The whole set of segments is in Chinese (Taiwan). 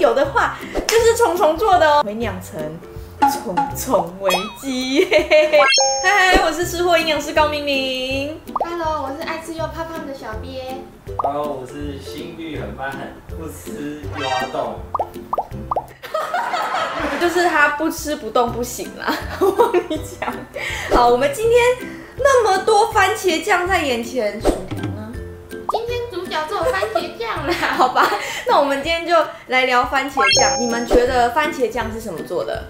有的話就是蟲蟲做的哦，沒釀成蟲蟲危機。嘿嘿嘿，嗨嗨，我是吃貨營養師高敏敏。Hello，我是愛吃又怕胖的小編。Hello，我是心率很慢、很不吃又要動。哈哈哈！哈就是他不吃不動不行啦，我 跟你講。好，我們今天那麼多番茄醬在眼前，薯條呢？今天主角做飯。 好吧，那我們今天就來聊番茄醬。你們覺得番茄醬是什麼做的？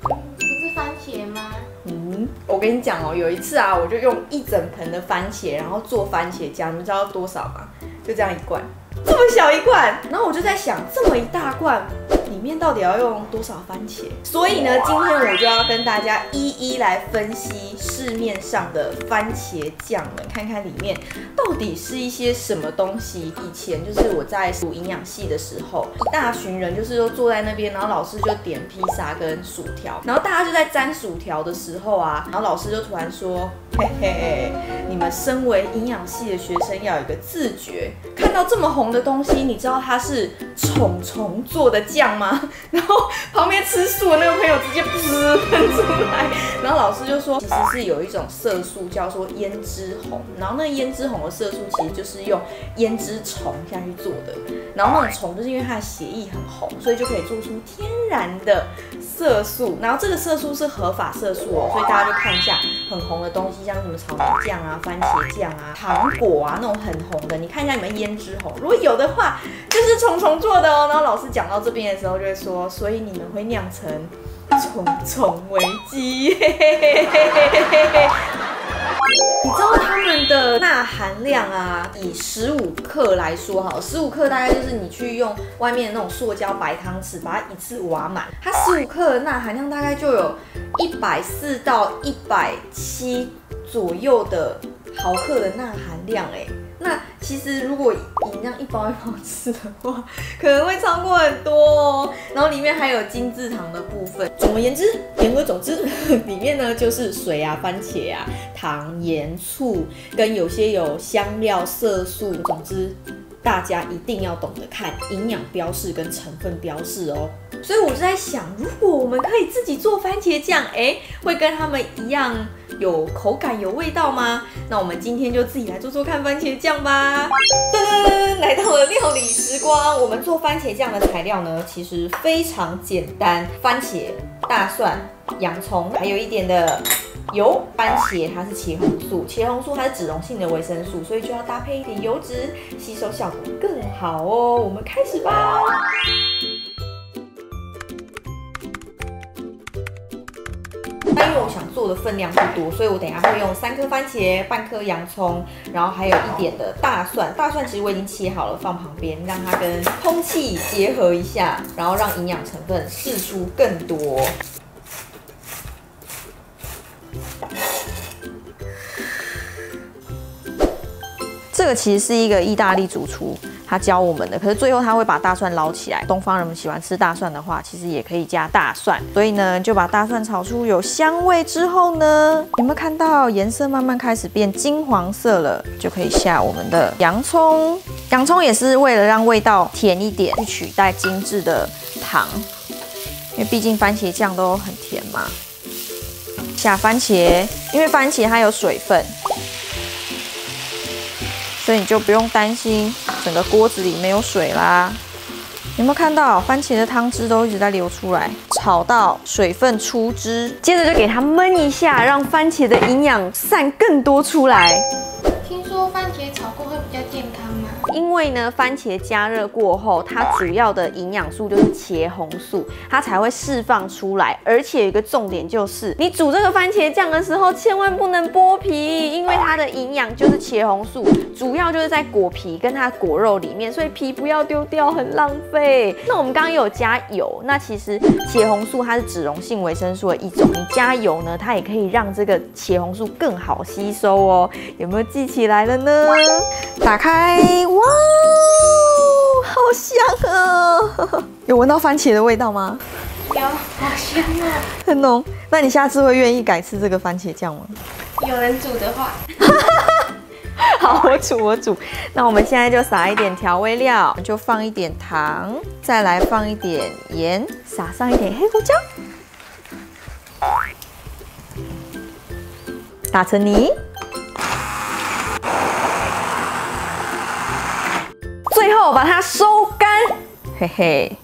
不是番茄嗎？嗯，我跟你講哦，有一次啊，我就用一整盆的番茄，然後做番茄醬。你們知道多少嗎？就這樣一罐。這麼小一罐，然後我就在想，這麼一大罐裡面到底要用多少番茄？所以呢，今天我就要跟大家一一來分析市面上的番茄醬，看看裡面到底是一些什麼東西。以前就是我在讀營養系的時候，一大群人就是說坐在那邊，然後老師就點披薩跟薯條，然後大家就在沾薯條的時候啊，然後老師就突然說：“嘿嘿嘿，你們身為營養系的學生要有一個自覺，看到這麼紅。”紅的東西，你知道它是蟲蟲做的醬嗎？然後旁邊吃素的那個朋友直接噴出來。然後老師就說，其實是有一種色素叫做胭脂紅，然後那個胭脂紅的色素其實就是用胭脂蟲下去做的，然後那種蟲就是因為它的血液很紅，所以就可以做出天然的色素，然後這個色素是合法色素哦，所以大家就看一下很紅的東西，像什麼草莓醬啊、番茄醬啊、糖果啊那種很紅的，你看一下你們胭脂紅，如果有的話就是蟲蟲做的哦。然後老師講到這邊的時候就會說，所以你們會釀成。重重危機，從從嘿嘿嘿嘿，你知道它們的鈉含量啊？以十五克來說，好，十五克大概就是你去用外面的那種塑膠白湯匙把它一次挖滿，它十五克的鈉含量大概就有一百四到一百七左右的毫克的鈉含量哎、欸。那其實如果以那樣一包一包吃的話，可能會超過很多哦。然後裡面還有精製糖的部分。總而言之，言而總之，裡面呢就是水啊、番茄啊、糖、鹽、醋，跟有些有香料、色素。總之。大家一定要懂得看營養標示跟成分標示哦。所以我就在想，如果我們可以自己做番茄醬，哎、欸，會跟他們一樣有口感有味道嗎？那我們今天就自己來做做看番茄醬吧。噔噔噔，來到了料理時光。我們做番茄醬的材料呢，其實非常簡單：番茄、大蒜、洋蔥，還有一點的。油，番茄它是茄紅素，茄紅素它是脂溶性的維生素，所以就要搭配一點油脂，吸收效果更好哦。我們開始吧。但因為我想做的分量不多，所以我等一下會用三顆番茄，半顆洋蔥，然後還有一點的大蒜。大蒜其實我已經切好了，放旁邊，讓它跟空氣結合一下，然後讓營養成分釋出更多。這個其實是一個意大利主廚他教我們的，可是最後他會把大蒜撈起來。東方人們喜歡吃大蒜的話，其實也可以加大蒜。所以呢，就把大蒜炒出有香味之後呢，有沒有看到顏色慢慢開始變金黃色了？就可以下我們的洋蔥。洋蔥也是為了讓味道甜一點，去取代精緻的糖，因為畢竟番茄醬都很甜嘛。下番茄，因為番茄它有水分。所以你就不用擔心整個鍋子裡沒有水啦。有沒有看到番茄的湯汁都一直在流出來？炒到水分出汁，接着就給它燜一下，讓番茄的營養散更多出來。聽說番茄炒。因為呢，番茄加熱過後，它主要的營養素就是茄紅素，它才會釋放出來。而且有一個重點就是，你煮這個番茄醬的時候，千萬不能剝皮，因為它的營養就是茄紅素，主要就是在果皮跟它的果肉裡面，所以皮不要丟掉，很浪費。那我們剛剛有加油，那其實茄紅素它是脂溶性維生素的一種，你加油呢，它也可以讓這個茄紅素更好吸收哦。有沒有記起來了呢？打開。哇哦，wow, 好香啊！ 有聞到番茄的味道嗎？有，好香啊！很濃。那你下次會願意改吃這個番茄醬嗎？有人煮的話， 好，我煮我煮。那我們現在就撒一點調味料，就放一點糖，再來放一點鹽，撒上一點黑胡椒，打成泥。嘿嘿，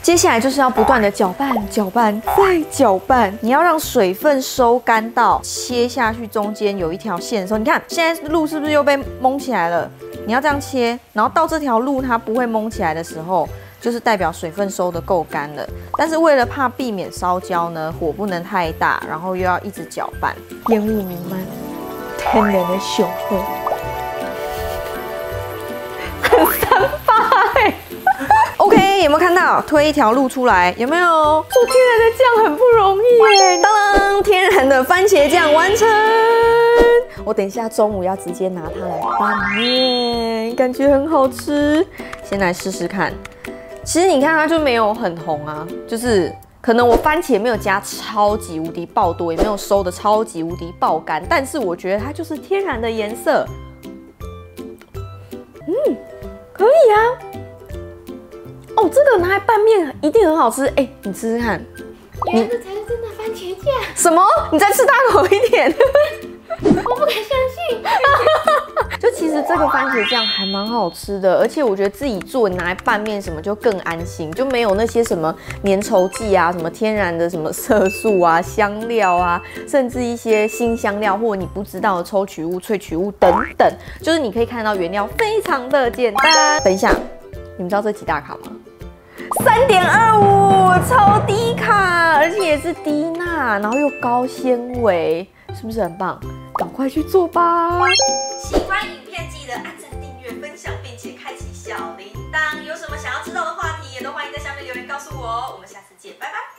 接下來就是要不斷的攪拌、攪拌、再攪拌。你要讓水分收乾到切下去中間有一條線的時候，你看現在路是不是又被矇起來了？你要這樣切，然後到這條路它不會矇起來的時候，就是代表水分收得夠乾了。但是為了怕避免燒焦呢，火不能太大，然後又要一直攪拌。煙霧彌漫，天然的享受。有沒有看到推一條路出來？有沒有？做天然的醬很不容易耶！當當，天然的番茄醬完成。我等一下中午要直接拿它來拌麵，感覺很好吃。先來試試看。其實你看它就沒有很紅啊，就是可能我番茄沒有加超級無敵爆多，也沒有收得超級無敵爆乾，但是我覺得它就是天然的顏色。嗯，可以啊。哦、這個拿來拌麵一定很好吃，哎、欸，你試試看。原來這才是真的番茄醬。什麼？你再吃大口一點。 我不敢相信。 就其實這個番茄醬還蠻好吃的，而且我覺得自己做拿來拌麵什麼就更安心，就沒有那些什麼粘稠劑啊，什麼天然的什麼色素啊、香料啊，甚至一些辛香料或者你不知道的抽取物、萃取物等等，就是你可以看到原料非常的簡單。等一下，你們知道這幾大卡嗎？三點二五，25，超低卡，而且也是低鈉，然後又高纖維，是不是很棒？趕快去做吧！喜歡影片記得按讚、訂閱、分享，並且開啟小鈴鐺。有什麼想要知道的話題，也都歡迎在下面留言告訴我哦。我們下次見，拜拜。